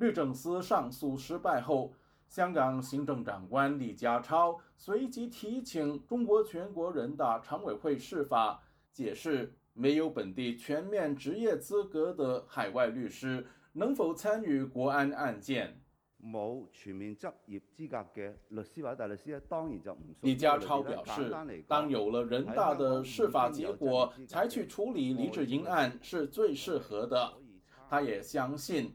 律政司上訴失敗後，香港行政長官李家超隨即提請中國全國人大常委會釋法解釋：沒有本地全面執業資格的海外律師能否參與國安案件？冇全面執業資格嘅律師或者大律師咧，當然就唔需要。李家超表示，當有了人大的釋法結果，才去處理黎智英案是最適合的。的他也相信。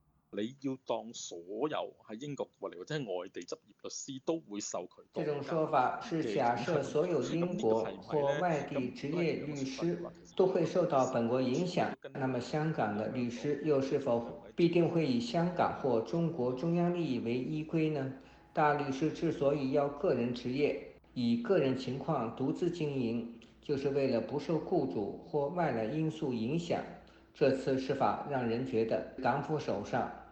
你要當所有喺英國過嚟或者外地執業律師都會受佢。這種說法是假設所有英國或外地執業律師都會受到本國影響，那麼香港的律師又是否必定會以香港或中國中央利益為依歸呢？大律師之所以要個人執業，以個人情況獨自經營，就是為了不受雇主或外來因素影響。這次說法讓人覺得港府手上。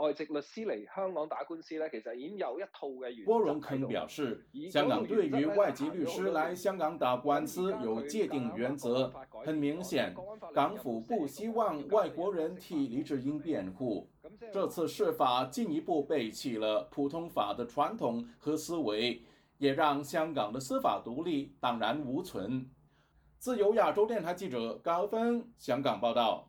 外籍律師嚟香港打官司呢，其實已經有一套嘅原則。郭榮鏗表示，香港對於外籍律師來香港打官司有界定原則，很明顯，港府不希望外國人替黎智英辯護。這次釋法進一步背棄了普通法的傳統和思維，也讓香港的司法獨立蕩然無存。自由亞洲電台記者高分香港報道。